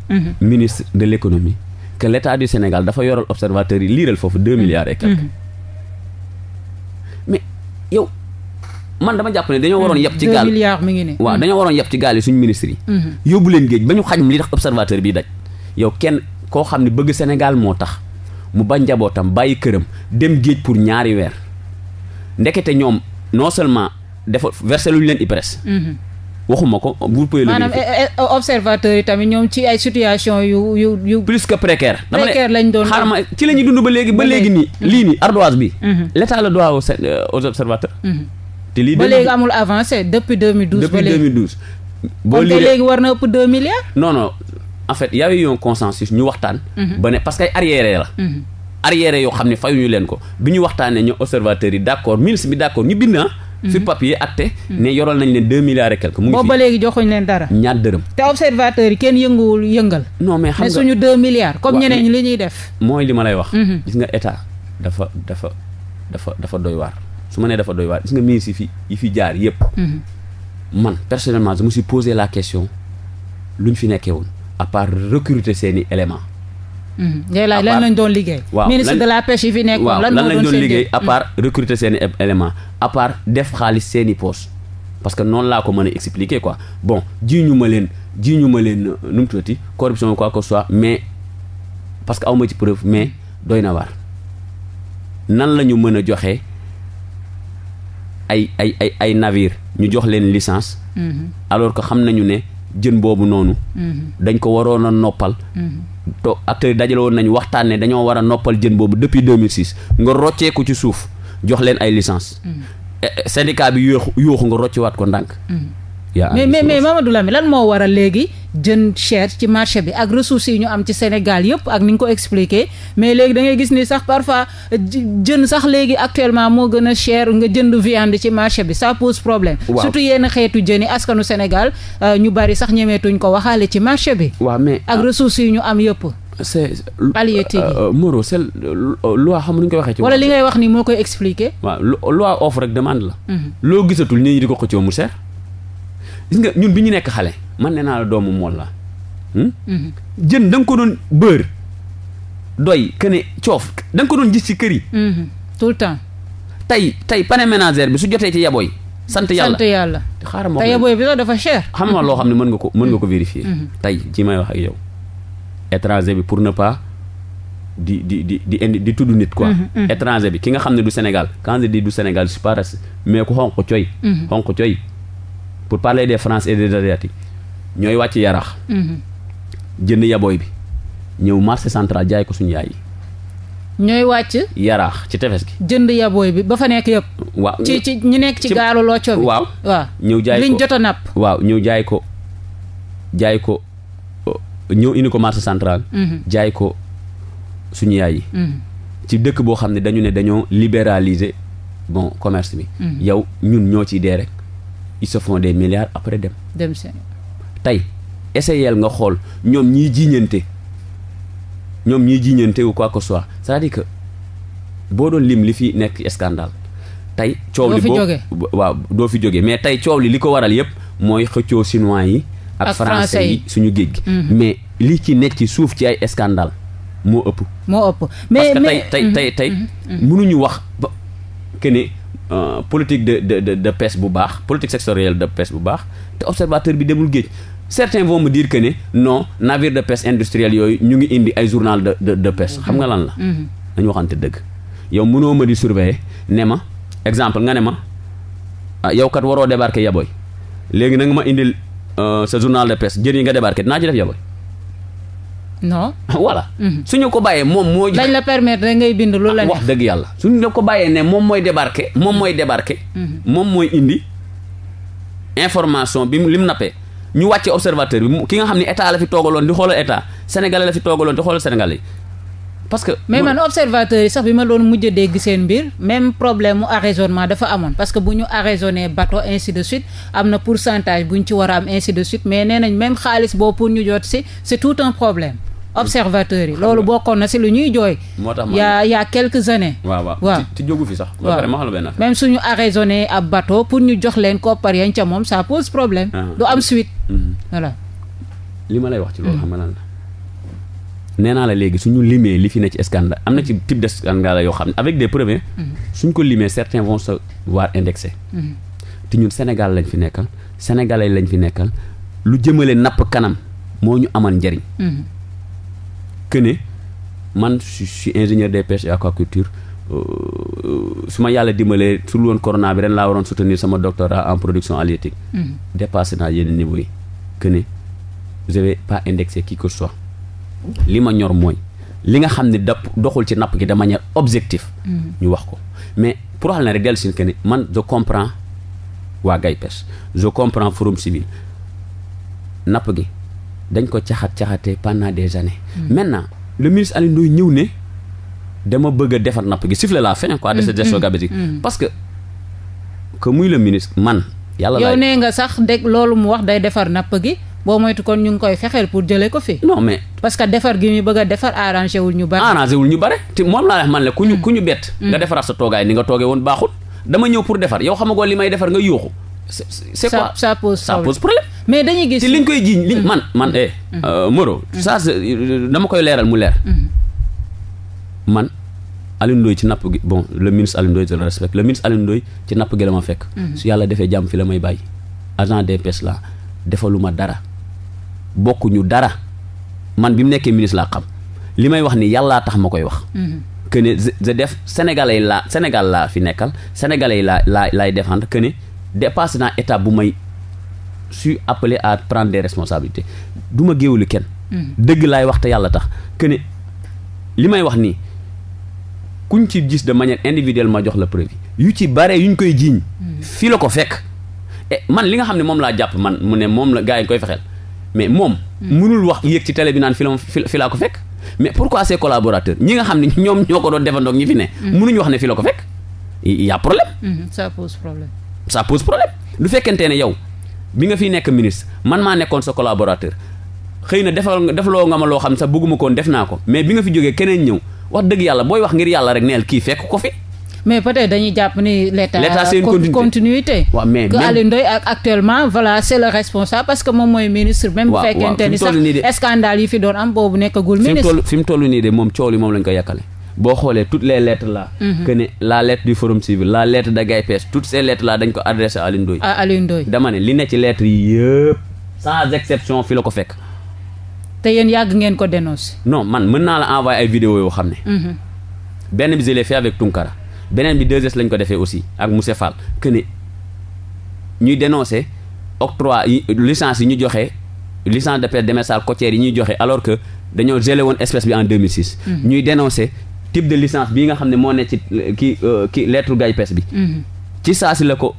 ministre de l' économie. que du Sénégal dafa yoral observateur yi liiral foofu deux milliards mais yow man dama jàpp ne dañoo waroon yàpp ci gaal milliards mi ngi yi suñu ministre yi mhm. leen géej ba ñu xajum li tax observateur bi daj yow kenn koo xam ne bëgg senegal moo tax mu bañ njabootam bàyyi këram dem géej pour ñaari weer ndekete ñoom non seulement dafa versé luñu leen IPRES mhm. waxuma ko vous maanaam eh, eh, observateur yi tamit ñoom ci ay situation yu yu yu dama lañ doon xaaral ma ci la ñuy dund ba léegi ba léegi nii lii nii ardoise bi mhm. l'état le doit euh, te lii ba léegi amul avancé depuis 2012. depuis 2012 boo lii léegi war na ëpp 2 milliards. non non en fait y a eu un consensus ñu waxtaan. Mhm. ba ne parce que ay arrière la. Mhm. arrière yoo xam ne fayuñu leen ko bi ñu waxtaanee ñu observateurs yi d' accord ministre bi d' accord ñu bind ah, mhm. sur papier acté. ne yoral nañ leen deux milliards et quelque. mu ngi fi ba léegi joxuñ leen dara. ñaar dërëm. te observateur yi kenn yënguwul yëngal. non mais xam nga suñu deux milliards. comme ñeneen ñi li ñuy def. mooy li ma lay wax. gis nga état dafa dafa dafa dafa doy waar. su ma nee dafa doy waar gis nga ministre yi fi yi fi jaar yëpp. Mhm. man personnellement je me suis posé la lu ñu fi nekkee woon à part recruter seeni éléments. ngay mhm. laaj lan lañ doon liggéey. waaw ministre la pêche yi fi nekkoon lan lañ doon liggéey à part recruter seeni éléments à part def xaalis seeni poste parce que noonu laa ko mën a expliquer quoi bon ji ñu ma leen ji ñu ma leen euh, nu mu tuddati corruption quoi que soit mais parce que aw ma ci preuve mais doy na waar nan la ñu mën a joxe. ay ay ay ay navire ñu jox leen licence mm-hmm. alors que xam nañu ne jën boobu noonu mm-hmm. dañ ko waroon a noppal mm-hmm. to acteurs yi dajale woon nañu waxtaan ne dañoo war a noppal jën boobu depuis 2006 nga rocceeku ci suuf jox leen ay licence eh, eh, syndicat bi yuuxu yuuxu nga rocciwaat ko ndànk yaa mais mais mais Mamadou Lamine lan moo waral léegi jën cher ci marché bi ak ressources yi ñu am ci Sénégal yëpp ak ni nga ko expliqué mais léegi da ngay gis ni sax parfois jën sax léegi actuellement moo gën a cher nga jënd viande ci marché bi ça pose problème. waaw surtout yenn xeetu jën yi askanu Sénégal euh, ñu bari sax ñemeetuñ ko waxaale ci marché bi. waaw mais ak ah. ressources yi ñu am yëpp. c'est palliatif yi euh, euh, Moreau c'est xam nuñ koy waxee ci wala li ngay wax ni moo koy expliquer waaw loi offre demande la mhm. loo gisatul ñi di ko xëccoo mu cher gis nga ñun bi ñu nekk xale man ne naa la doomu mool la hmm? jën da ko doon bër doy kene coof da ko doon gis ci kër yi mhm. tout le temps tey tey pane ménagère bi su jotee ci yaboy sant yàlla sant yàlla xaaral ma te yaboy bi sax dafa cher xam nga loo xam ne mën nga ko mën nga ko mhm. vérifier mhm. tey ci may wax ak yow étranger bi pour ne di di di di indi di tudd nit ko étranger bi ki nga xam ne du senegal kan je dis du Sénégal je suis pas raciste mais ku xonq coy xonq coy pour parler des Français et des Asiatiques ñooy wàcc yarax mhm. jënd yabooy bi ñëw marché central jaay ko suñu yaay yi. ñooy wàcc. yaraax ci tefes gi. jënd yabooy bi ba nekk yëpp. waaw ñu nekk ci gaalu locco bi. waaw waaw ñëw jaay ko liñ jaay ko ñëw indi ko marché central. Mhm. jaay ko suñu yaay yi. Mhm. ci dëkk boo xam ne dañu ne dañoo libéraliser bon commerce bi. yow ñun ñoo ciy dee rek. ils se font des milliards après dem. dem seen tey nga xool ñoom ñiy jiiñante ñoom ñiy jiiñante ou quoi que soit cest boo doon lim li fi nekk scandale tey coow li boo waaw doo fi jógee mais tey coow li li ko waral yëpp mooy xëccoo chinois yi. ak français yi suñu géej gi. Mhm. mais li ci nekk suuf ci ay scandale moo ëpp. moo ëpp mais mais parce mhm. mhm. wax ba Euh, politique de de de bu baax politique sectorielle de pêche bu baax te observateur bi demul géej certains vont me diir que ne non navire de pêche industriel yooyu ñu ngi indi ay journal de de xam nga lan la. dañu mhm. waxante dëgg. yow mënoo ma di surveiller ne ma exemple nga ne ma ah, yow kat waroo débarquer yaboy léegi na ma indil euh, sa journal de pêche jën yi nga débarquer naaj ci def yaboy non voilà. Mhm. ñu ko bàyyee moom moo. dañ la permettre da ngay bind lu la ah, wax dëgg yàlla suñu la ko bàyyee ne moom mooy débarquer moom mooy débarquer. Mhm. moom mooy indi information bi mu lim nappee ñu wàcce observateur bi ki nga xam ne état la fi toogaloon di xoolal état sénégalais la fi toogaloon di xoolal sénégalais parce que. mais man observateur yi sax bi ma doon mujj dégg seen mbir même problème mu arraisonnement dafa amoon parce que bu ñu arraisonné bateau ainsi de suite am na pourcentage bu ñu ci war a am ainsi de mais nee nañ même xaalis boobu pour jot si tout un problème. observateurs yi loolu bokkoon na si lu ñuy jooy moo tax yaa yaa quelques années waa waaw waaw te jógu fi sax waaw ma xam benn suñu arraisonné ab bato pour ñu jox leen koppar yañ ca moom ça pose problème ah. du am suite mm-hmm. voilà li ma lay wax ci loolu mm-hmm. xam nga lan naa la léegi suñu limee li fi ne ci scandale am na ci type de scandale yoo xam ne avec des preuves mm-hmm. suñ ko limee certains vont se voir indexés te ñun Sénégal lañ fi nekkal sénégalais lañ fi nekkal lu jëmale napp kanam moo ñu amal njëriñ que ne man je suis ingénieur des pêches aquaculture euh, euh, su ma yàlla dimbalee sul loon corona bi ren laa waroon soutenir sama doctorat en production halieutique. Mm-hmm. dépassé naa yenn niveau yi que ne je pas indexer qui que soit li ma ñor mooy li nga xam ne dapp doxul ci napp gi dama manière objective. Mm-hmm. ñu wax ko mais pour wax la rek dellu si que man je comprends waa Gay Pêche je comprends Forum Civil napp gi. dañ ko caxat caxatee pendant des années. Hmm. maintenant le ministre Aly Ndoye ñëw ne dama bëgg a defar napp gi siffler la fin quoi de hmm, cette gestion hmm, gabegique parce que que muy le ministre man. yàlla yow nee nga sax dégg loolu mu wax day defar napp gi. boo moytu kon ñu ngi koy fexeel pour jële ko fi. non mais parce que defar gi ñu bëgg a defar arrangé wul ñu bare. arrangé wul ñu bare te moom laa wax man la ku ñu ku ñu bett. nga defaraat sa toogaay ni nga toogee woon baaxul. dama ñëw pour defar yow xam nga li may defar nga yuuxu c'est quoi ça pose ça pose problème mais dañuy gis liñ koy jiiñ liñ mm. man man eh, mm. euh, Moro ça euh, dama koy leeral mu leer mm. man Alioune ci napp gi bon le ministre Alioune Ndoye je le respecte ci napp gi la fekk yàlla defee jàmm fi la may bàyyi agent DPS la defaluma dara bokkuñu dara man bi mu nekkee ministre laa xam li may wax ni yàllaa tax ma koy wax que def sénégalais laa fi nekkal sénégalais laa laa laay défendre que dépassé naa état bu may su apple à prendre des responsabilités du ma géewlu kenn. Mm-hmm. dëgg laay wax te yàlla tax que ne li may wax nii kuñ ci jis de manière individuelle ma jox la preuve yu ci bare yuñ koy jiiñ. Mm-hmm. fii la ko fekk. man li nga xam ne moom laa jàpp man mu ne moom la gars yi koy fexeel mais moom. mënul mm-hmm. wax yéeg ci télé bi naan fi la ko fekk. mais pourquoi ses collaborateurs ñi nga xam ne ñoom ñoo ko doon defandoog ñi fi ne. mënuñ wax ne fi la ko fekk y' ça pose problème lu fekkente ne yow bi nga fiy nekk ministre man maa nekkoon sa collaborateur xëy na defal defaloo nga ma loo xam ne sax bëgguma koon def naa ko mais bi nga fi jógee keneen ñëw wax dëgg yàlla booy wax ngir yàlla rek neel kii fekk ko fi. mais peut-être dañuy jàpp ni l'état c'est une continuité continuité. waaw mais parce que moom mooy ministre. même bu fekkente sax scandale yi fi doon am boobu nekkagul. ministre fi mu toll nii de moom coow li moom lañ ko yàkkale boo xoolee toutes les lettres là. Mhm. que ne la lettre du forum civil la lettre de Gaye Pes toutes ces lettres là dañ ko adressé à Alioune Ndoye. dama ne li ne ci lettres yi yëpp sans exception fi la ko fekk. te yéen yàgg ngeen ko dénoncé. non man mën naa la envoyé ay vidéo yoo xam ne. Mhm. benn bi je l'ai fait avec Tunkara beneen bi 2S lañ ko defee aussi ak Moussa Fall que ne ñuy dénoncé octroi yi licence yi ñu joxe licence de pêche démersale côtière yi ñuy joxe alors que dañoo gelé woon espèce bi en 2006. Mhm. ñuy type de licence bii nga xam ne moo ne ci ki euh, ki euh, lettre gay pes bi mhm. ci saa si la ko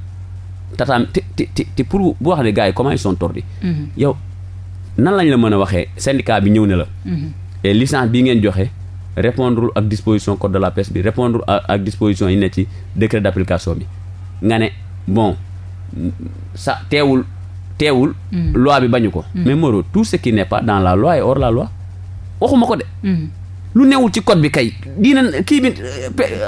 tataam te te te pour bu wax ne gars yi comment ils sont tordus mhm. yow nan lañ la mën a waxee syndicat bi ñëw ne la mhm. et bi ngeen joxe répondre ak disposition code de la pes bi répondre ak disposition yi ne ci décret d'application bi nga ne bon sa teewul teewul loi bi bañu ko mais moro tout ce qui n'est pas dans la loi est waxuma ko de lu newul ci code bi kay diina kii bi.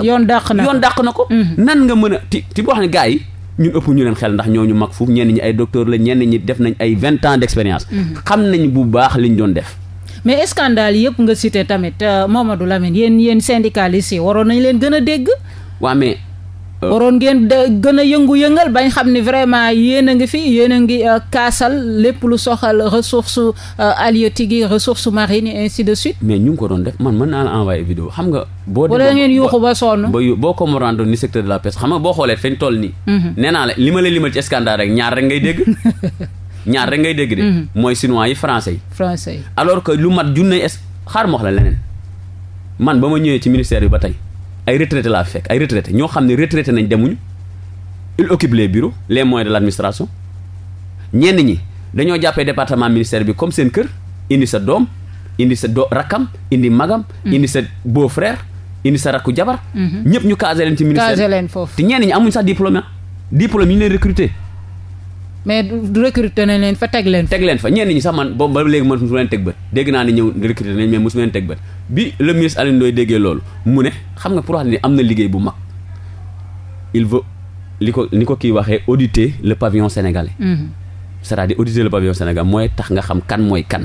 yoon dàq na yoon na ko. Mhm. nan nga mën a ti ti boo xam ne gars yi ñun ëpp ñu leen xel ndax ñooñu mag foofu ñenn ñi ay docteur la ñenn ñi def nañ ay vingt ans d' expérience. Mhm. xam nañ bu baax liñ doon def. mais scandale yëpp nga cité tamit euh, Mamadou Lamine yéen yéen syndicalistes yi waroon nañ leen gën a dégg. waaw mais. Euh. waroon ngeen de gën a yëngu-yëngal bañ xam ne vraiment yéen a ngi fi yéen a ngi euh, kaasal lépp lu soxal ressource euh, halieutique yi ressource marine yi ainsi de suite. mais ñu ngi ko doon def man mën naa la envoyé vidéo xam nga. boo demee wala ngeen yuuxu ba sonn. ba boo ko morando ni secteur de la pêche xam nga boo xoolee feeñ toll nii. Mhm. nee naa la li ma la limal ci scandale rek ñaar rek ngay dégg. ñaar rek ngay dégg de. Mhm. mooy chinois yi français yi. français alors que lu mat junne xaar ma wax la leneen man ba ma ñëwee ci ministère bi ba tey. ay retraité laa fekk ay retraité ñoo xam ne retraité nañ demuñu ils occupent les bureaux les moyens de l'administration ñenn ñi dañoo jàppee département ministère bi comme seen kër indi sa doom indi sa do rakkam indi magam mm. indi sa beau frère indi sa rakku jabar mm-hmm. ñëpp ñu casé leen ci ministère te ñenn ñi amuñ sax diplôme ah diplôme ñu leen recruter mais du recruter nañ leen fa teg leen fa. teg leen fa ñenn ñi sax man boobu ba léegi man mosu leen teg bët dégg naa ne ñëw recruter nañ mais mosu leen teg bët bi le ministre Alioune Ndoye déggee loolu mu ne xam nga pour wax ne am na liggéey bu mag il veut li ko ni ko kii waxee auditer le pavillon sénégalais. Mhm. c'est-à-dire auditer le pavillon mooy tax nga xam kan mooy kan.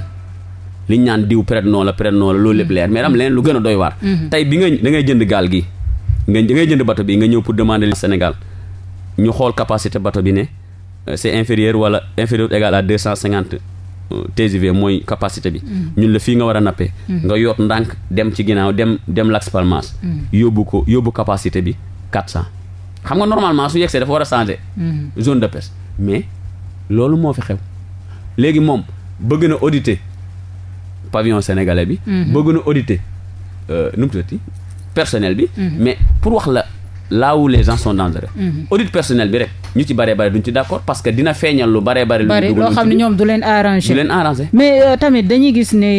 liñ naan diw peut noo la peut-être noonu la loolu lépp leer mais am leen lu gën a doy waar. Mhm. tey bi nga da ngay jënd gaal gi nga da ngay jënd bato bi nga ñëw pour demander Sénégal ñu xool capacité bato bi ne Euh, c'est inférieur wala inférieur égal à deux cent cinquante euh, TGV mooy capacité bi. Mm. ñun la fii nga war a nappee. Mm. nga yoot ndànk dem ci ginnaaw dem dem Las Palmas. Mm. yóbbu ko yóbbu capacité bi quatre cent. xam nga normalement su yegsee dafa war a changer. zone de pêche mais loolu moo fi xew léegi moom bëgg na auditer pavillon sénégalais bi. Mm-hmm. bëgg na auditer euh, nu personnel bi. Mm-hmm. mais pour wax la là où les gens mm-hmm. personnel bi rek. ñu ci bare bare duñ ci d' accord parce que dina feeñal lu baree bare. lu loo xam ne ñoom du leen arrangé. du leen arangé mais euh, tamit dañuy gis ne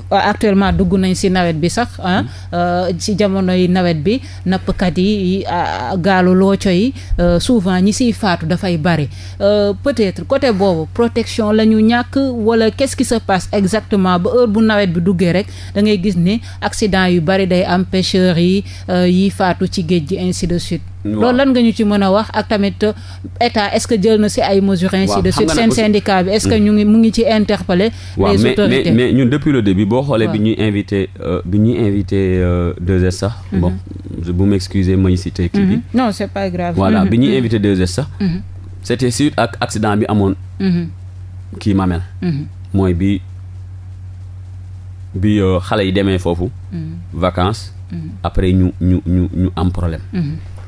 euh, actuellement dugg nañ si nawet bi sax ah mm. euh, si jamonoy nawet bi nappkat yi gaalu looco yi souvent ñi siy faatu dafay bare peut-être côté boobu protection la ñu ñàkk wala qu'est-ce qui se passe exactement ba heure bu nawet bi duggee rek da ngay gis ni accident yu bari day am pêcheurs yi yi faatu ci géej gi ainsi de suite. loolu lan nga ñu ci mën a wax ak tamit euh, état est-ce que jël na si ay mesures ainsi de suite seen syndicat bi est que ñu ngi mu ngi ci interpeller les autorités mais ñun depuis le début boo xoolee bi ñuy invité euh, bi ñuy invité 2 euh, sax mhm. bon bu m'excuser may citer kii bi mhm. non c'est pas grave bi mhm. s sax c'était suite bi amoon kii Mamel mooy bi bi xale yi demee foofu vacances après ñu ñu ñu ñu am problème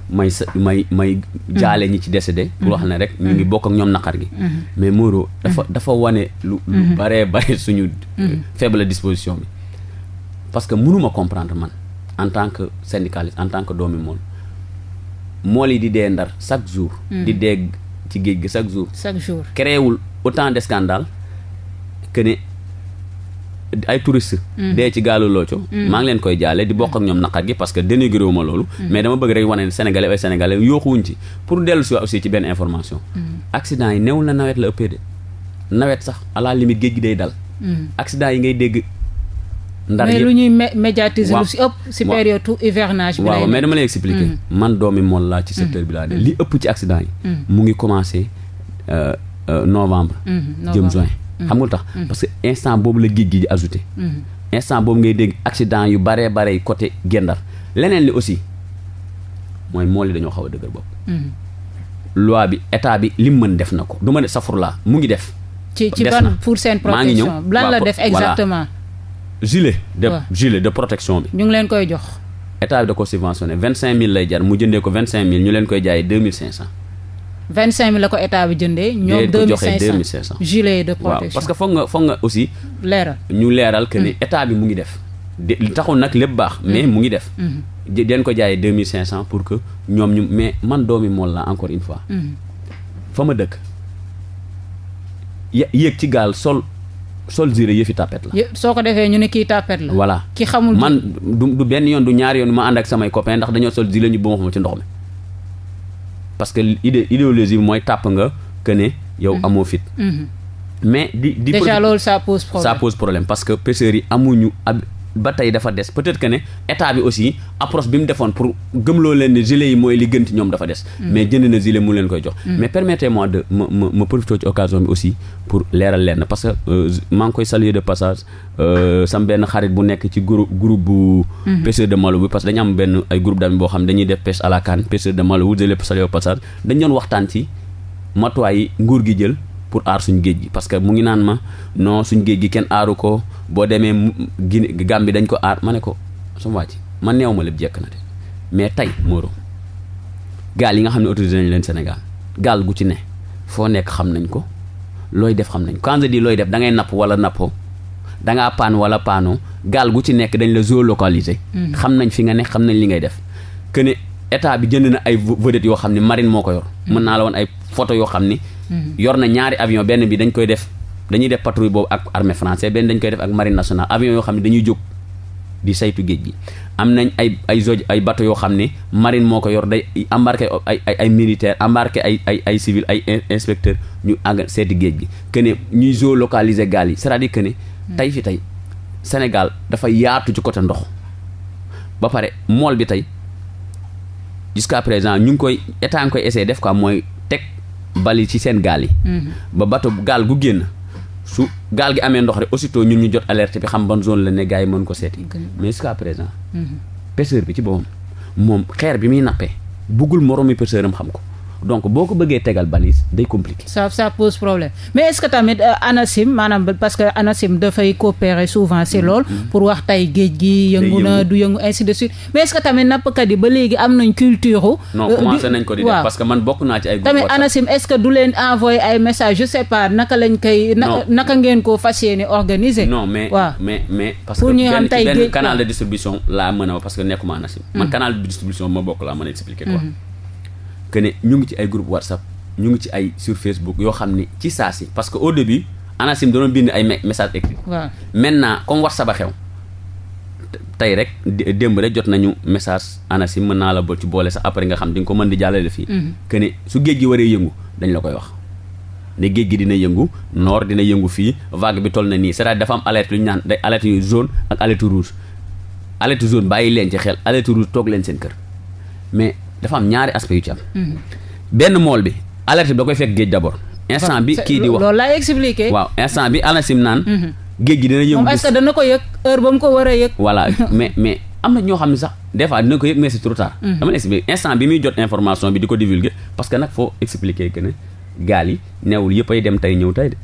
may sa may may jaale mm-hmm. ñi ci décédé pour mm-hmm. wax ne rek ñu ngi mm-hmm. bokk ak ñoom naqar gi mais Moreau dafa dafa wane lu lu baree bare suñu faible disposition bi parce que mënuma comprendre man en tant que syndicaliste en tant que doomi mool mool yi di dee ndar chaque jour di dee ci géej gi chaque jour chaque jour créewul autant de scandale que ay touristes. Mm. dee ci gaalu Looco. Mm. maa ngi leen koy jaale di bokk ak ñoom naqar gi parce que dénigré wu ma loolu. Mm. mais dama bëgg rek wane ne sénégalais ay sénégalais yooxuwuñ ci pour dellu si aussi ci benn information. accident yi newul na nawet la ëppee de nawet sax à la limite géej gi day dal. accident yi ngay dégg. ndar mais lu ñuy médiatiser lu si ëpp si période hivernage bi waaw mais dama lay expliquer man doomi laa ci secteur bi laa de li ëpp ci accident yi mu ngi commencé euh, euh, novembre jëm juin xam nga tax mm-hmm. parce que instant boobu la géej gi di ajouté mm-hmm. instant boobu ngay dégg accident yu baree bare yi côté Gendar leneen li aussi mooy mool yi dañoo xaw a dëgër bopp mm-hmm. loi bi lim mën def na ko du ma safurlaa mu ngi def ci ci ban pour seen protection lan la def exactement gilet de gilet de protection bi ñu leen koy jox état da ko subventionné vingt cinq mille lay jar mu jëndee ko vingt cinq mille ñu leen koy jaayee vingt cinq mille la ko état bi jëndee. ñoom deux mille cinq cent gilet de protection. waaw parce que foog nga foog nga aussi. leeral ñu leeral que ni mm. état bi mu ngi def. de taxul nag lépp baax. mais mm. mu ngi def. Mm-hmm. den ko jaayee deux mille cinq cent pour que ñoom ñu mais man doomi mool la encore une fois. Mm-hmm. fa ma dëkk yéeg ci gaal sol. sol ziré yëfi tàppet la. soo ko defee ñu ne kii tàppet la. voilà ki xamul man du du benn yoon du ñaari yoon ma ànd ak samay copains ndax dañoo sol ziré ñu bu ma xam ci ndox mi. parce que idée idéologie mooy tàpp nga que ne mhm. amoo fit mhm. mais di di problème ça pose problème parce que pêcheurs yi ab ba tey dafa des peut-être que ne état bi aussi approche bi mu defoon pour gëmloo leen ne gilet yi mooy li gën ñoom dafa des. Mm. mais jënd na gilet mu leen koy jox. Mm. mais permettez-moi de ma ma ma profité ci occasion bi aussi pour leeral leen parce que euh, koy saluer de passage euh, sam benn xarit bu nekk ci group groupe bu. Mm-hmm. pêcheur de Malo bi parce que dañu am benn ay groupe d'amis boo xam dañuy def pêche à la de Malo wu de lépp saluer passage dañu doon waxtaan matuwaay yi gi jël. pour aar suñ géej gi parce que mu ngi naan ma non suñ géej gi kenn aaru ko boo demee Guinée bi dañ ko aar ma ne ko sama wàcc man neew ma lépp jekk na mais tey Moro gaal yi nga xam ne autorisé nañ leen Sénégal gaal gu ci ne foo nekk xam nañ ko looy def xam nañ ko quand je looy def dangay napp wala nappoo da ngaa paan wala paanoo gaal gu ci nekk dañ la géolocalisé. Mm. xam nañ fi nga ne xam nañ li ngay def que ne état bi jënd na ay vedettes yoo xam ne marine moo ko yor. Mm. mën naa la woon ay photo yoo xam ni. Mhm. yor na ñaari avion benn bi dañ koy def dañuy def patrouille boobu ak armée française benn dañ koy def ak marine nationale avion yoo xam ne dañuy jóg di saytu géej gi. am nañ ay ay zoj ay bateau yoo xam ne marine moo ko yor day embarqué ay ay ay ay ay ay civil ay inspecteur ñu àgg seeti géej gi que ne ñuy géolocaliser gaal yi c'est-à-dire que ne. Hmm. tey fi tey senegal dafa yaatu ci côté ndox ba pare mool bi tey jusqu'à présent ñu ngi koy état ngi koy essayé mooy. bali ci seen gaal yi. Mm-hmm. ba bato gaal gu génn su gaal gi amee ndox rek aussitôt ñun ñu jot alerte bi xam ban zone la ne gars yi mën ko seeti. mais jusqu'à présent. Mm-hmm. pêcheur bi ci boppam moom xeer bi muy nappee buggul moroomi pêcheur am xam ko. donc boo ko bëggee tegal balise day compliqué. ça ça pose problème mais est-ce que tamit euh, ANACIM maanaam parce que ANACIM dafay coopérer souvent si mm-hmm. lool. Mm-hmm. pour wax tey géej gi yëngu na du yëngu ainsi de suite mais est tamit nappkat yi ba léegi am nañ culture. non euh, commencé nañ ko di def parce que man bokk naa ci ay. tamit ANACIM est leen envoyer ay messages je sais pas naka lañ koy. naka ngeen ko fas yéene organiser. non mais mais mais. parce que benn benn canal de distribution laa mën a parce que nekkuma ANACIM. man mm. canal de distribution ma bokk laa mën a expliquer quoi. Mm-hmm. que ne ñu ngi ci ay groupe whatsapp ñu ngi ci ay sur facebook yoo xam ni ci saa si parce que au début ANACIM doon bind ay message écrit waaw maintenant comme whatsapp a xew tey rek démb rek jot nañu message ANACIM mën naa la bo ci boole sax après nga xam di nga ko mën di jàllale fii mm-hmm. que su géej gi waree yëngu dañ la koy wax ne géej gi dina yëngu noor dina yëngu fii vague bi toll na nii c'est-à-dire dafa am alerte lu ñu naan day alerte yu jaune ak alerte rouge alerte bàyyi leen ci xel alerte rouge toog leen seen kër dafa am ñaari aspect yu ca mhm. benn mool bi alerte bi da koy fekk géej d' abord. instant bi kii di wax loolu laay expliqué. waaw instant bi ANACIM naan. Mhm. géej gi dina yëngu. moom est na ko yëg heure ba mu ko war a voilà mais mais am na ñoo xam ne sax des fois dina ko yëg mais c'est trop tard. Mhm. instant bi muy jot information bi di ko divulguer parce que nag foo expliqué que gaal yi newul yëpp ay dem tey ñëw tey de.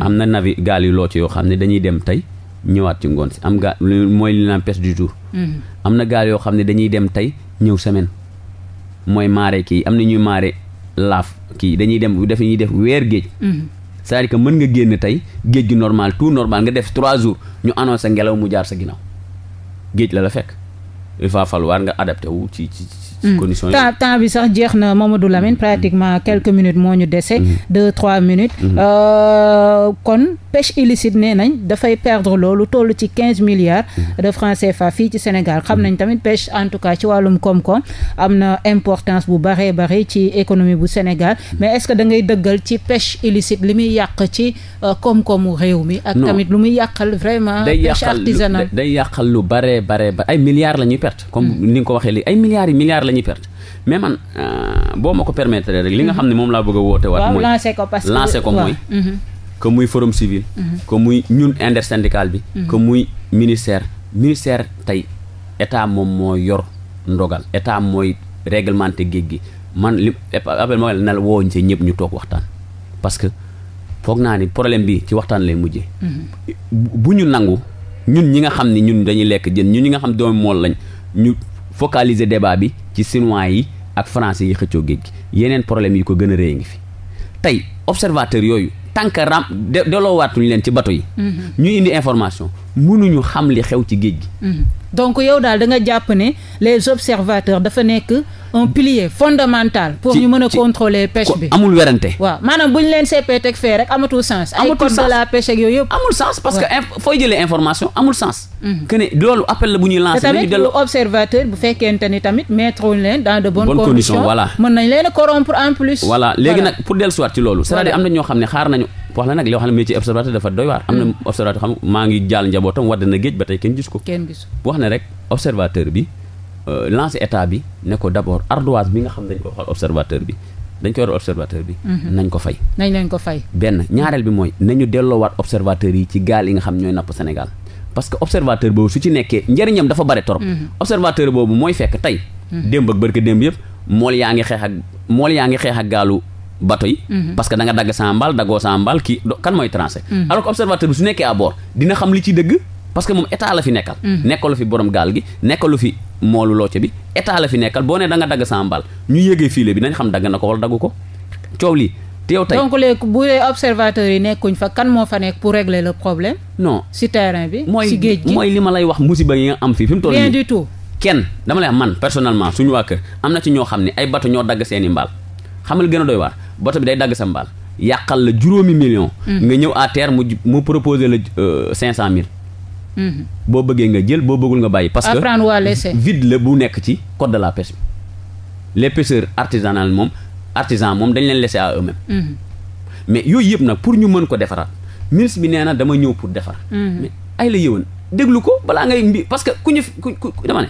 am na navi gaal yu loo ci yoo xam ne dañuy dem tey. ñëwaat ci ngoon si am gaal mooy li naan pêche du jour. Mm-hmm. am na gaal yoo xam ne dañuy dem tey ñëw semaine mooy maare kii am na ñuy maare laaf kii dañuy dem def ñuy def weer géej. Mm-hmm. cest à mën nga génn tey géej gi normal tout normal nga def trois jour ñu annoncé ngelaw mu jaar sa ginnaaw géej la la fekk il va falloir nga adapté wu ci ci. Mm. conditions yi temps temps bi sax jeex na Mamadou Lamine pratiquement mm. quelques minutes moo ñu dese. Mm. deux trois minutes. Euh, kon pêche illicite nee nañ dafay perdre loolu toll ci quinze milliards de francs CFA fii ci Sénégal xam nañ tamit pêche en tout cas ci wàllum koom-koom am na importance bu baree bare ci économie bu Sénégal mais est-ce que da ngay dëggal ci pêche illicite li muy yàq ci euh, koom-koomu réew mi. ak tamit lu muy yàqal vraiment. pêche artisanale day yàqal lu baree baree ba ay milliards la ñuy perte. comme ni nga ko waxee léegi ay milliards yi milliards la euh, boo ma ko permettre rek li nga xam ne moom laa bëgg a woote waat mooy lancé ko parce que lancé ko mooy mhm. que muy forum civil mhm. que muy ñun intersyndical bi mhm. que muy ministère ministère tey état moom moo yor ndogal état mooy réglementé géej gi man li appel moo ne la wooñ see ñëpp ñu toog waxtaan parce foog naa ni problème bi ci waxtaan lay mujjee bu ñu nangu ñun ñi nga xam ne ñun dañuy lekk jën ñun ñi nga xam doomu mool lañ ñu focaliser débat bi ci chinois yi ak français yi xëccoo géej gi yeneen problème yi ko gën a rëy ngi fi tey observateur yooyu tànk ram de deloowaatuñu leen ci bato yi mm-hmm. ñu indi information mënuñu xam xew ci géej gi mm-hmm. donc yow daal da nga jàpp ne les observateurs dafa nekk un pilier fondamental pour ñu mën a contrôler pêche bi amul werante waaw maanaam bu ñu leen seppee teg fee rek amatul sens ay code de la pêche ak yooyu amul sens parce que fooy jëlee information amul sens mhm. que ne loolu appel la bu ñuy tamit lu observateur bu fekkente ni tamit mettre leen dans de bonnes conditions voilà mën nañ leen a corrompre en plus voilà léegi nag pour dellusiwaat ci loolu cest à am na ñoo xam ne xaar nañu wax la nag li wax na mais ci observateur dafa doy waar am na hmm. observateur xam maa ngi jaal njabootam wadd na géej ba tey kenn gis ko wax ne rek observateur bi euh, lancé état bi ne ko d' abord ardoise bi nga xam dañ ko waxal observateur bi dañ koy bi hmm. nañ ko fay nañ leen ko fay benn ñaareel bi mooy nañu delloowaat observateur yi ci gaal yi nga xam ñooy napp Sénégal parce que observateur boobu su ci nekkee njëriñam dafa bare torop hmm. observateur boobu mooy fekk tey démb ak barke démb yëpp yaa ngi xeex ak mool ngi xeex ak bato yi. Mhm. parce que da nga dagg cent mbaal daggoo cent mbaal kan mooy tranché. Mhm. alors que observateur bi su nekkee à dina xam li ci dëgg. parce que moom état fi nekkal. Mhm. nekkal boo nee da nga dagg cent mbaal ñu yéegee fiile bi nañ xam dagg na ko wala daggu ko coow lii. te yow tey donc bu dee observateur yi nekkuñ fa kan moo fa nekk pour régler le problème. non si terrain bi. si géej gi mooy li lay wax musiba yi nga am fii fi mu nii. kenn dama xamal gën a doy waar bato bi day dagg sa mbaal yàqal la juróomi million mm-hmm. nga ñëw à terre mu mu proposer la euh, cinq cent mille mm-hmm. boo bëggee nga jël boo bëggul nga bàyyi parce que vide la bu nekk ci code de la pêche bi les pêcheurs artisanal moom artisan moom dañ leen laisser a eux mm-hmm. mais yooyu yëpp nag pour ñu mën ko defaraat ministre bi nee na dama ñëw pour defar mais ay la yëwan déglu ko balaa ngay mbi parce que ku ñu ku dama ne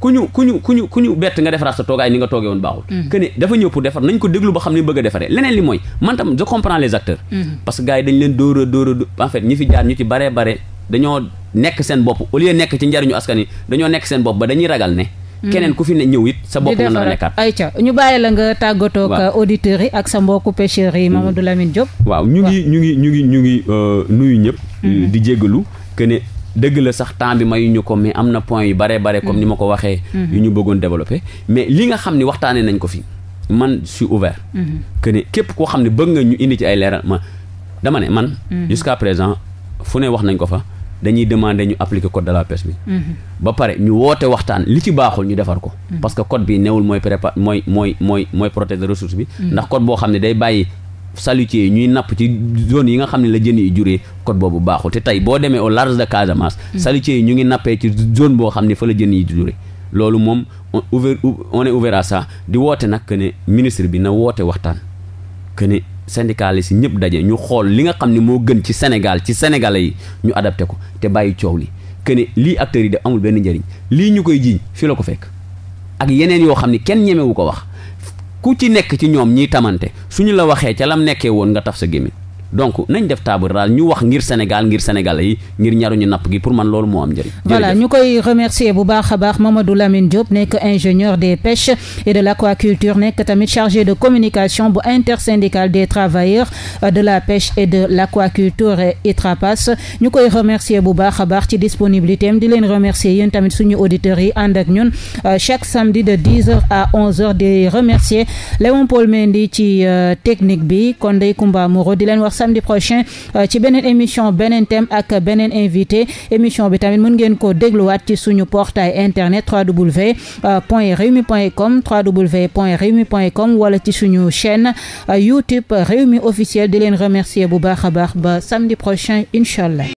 ku ñu ku ñu ku ñu ku ñu bett nga defaraat sa toogaay ni nga toogee woon baaxul que mm. ne dafa ñëw pour defar nañ ko déglu ba xam ne bëgg a defaree leneen li mooy man tam je comprends les acteurs mm. parce que gars yi dañ leen dóora dóora en ñi fi jaar ñu ci baree bare dañoo nekk seen bopp dañoo nekk seen bopp ba dañuy ragal ne mm. keneen ku fi ñëw it sa bopp na la nekkaat ayca ñu bàyyi la nga tàggatoo ak auditeurs yi ak sa mbokku pêcheurs yi Mamadou Lamine Diop waaw ñu ngi ñu ngi ñu ngi ñu euh, euh, di jéggalu dégg la sax temps bi ñu ko mais am na point yu bare bare comme mm. ni ma ko waxee mm-hmm. yu ñu bëggoon développer mais li nga xam ni waxtaanee nañ ko fi man suis ouvert mm-hmm. que képp koo xam ne bëgg nga ñu indi ci ay leeral ma dama ne man mm-hmm. jusqu'à présent fu ne wax nañ ko fa dañuy demander ñu appliquer code de la pêche bi ba pare ñu woote waxtaan li ci baaxul ñu defar ko parce que code bi newul mooy prépa mooy mooy mooy mooy protéger ressource bi ndax code boo xam ne day bàyyi salutier yi ñuy napp ci zone yi nga xam ne la jën yi juree code boobu baaxul te tey boo demee au large de Casamance. Mm. salutier yi ñu ngi nappee ci zone boo xam ne fa la jën yi juree loolu moom on ouvert di woote nag que ne ministre bi na woote waxtaan que ne syndicalistes yi ñëpp daje ñu xool li nga xam ni moo gën ci Sénégal ci sénégalais yi ñu adapté ko te bàyyi coow li que ne lii acteurs yi def amul benn njëriñ lii ñu koy jiiñ fii la ko fekk ak yeneen yoo xam ne kenn ñemewu ko wax. ku ci nekk ci ñoom ñiy tamante suñu la waxee ca lam nekkee woon nga tax sa gémmiñ donc nañ def table ronde ñu wax ngir Sénégal ngir Sénégalais yi ngir ñaruñu napp gi pour man loolu moom am njëriñ. voilà ñu koy remercier bu baax a baax Mamadou Lamine Diop nekk ingénieur des pêches et de l' aquaculture nekk tamit chargé de communication bu intersyndicale des travailleurs euh, de la pêche et de l' aquaculture ITRAPAS ñu koy remercier bu baax a baax ci disponibilité am di leen remercier yéen tamit suñu auditeurs yi ànd ak ñun euh, chaque samedi de 10h à 11h di remercier Léon Paul Mendy ci euh, technique bi kon day Kumba samedi prochain euh, ci beneen émission beneen thème ak beneen invité émission bi tamit mën ngeen ko dégluwaat ci suñu portaay internet www point rewmi point com www point rewmi point com wala ci suñu chaîne euh, YouTube Rewmi officiel di leen remercier bu baax a baax ba samedi prochain incha allah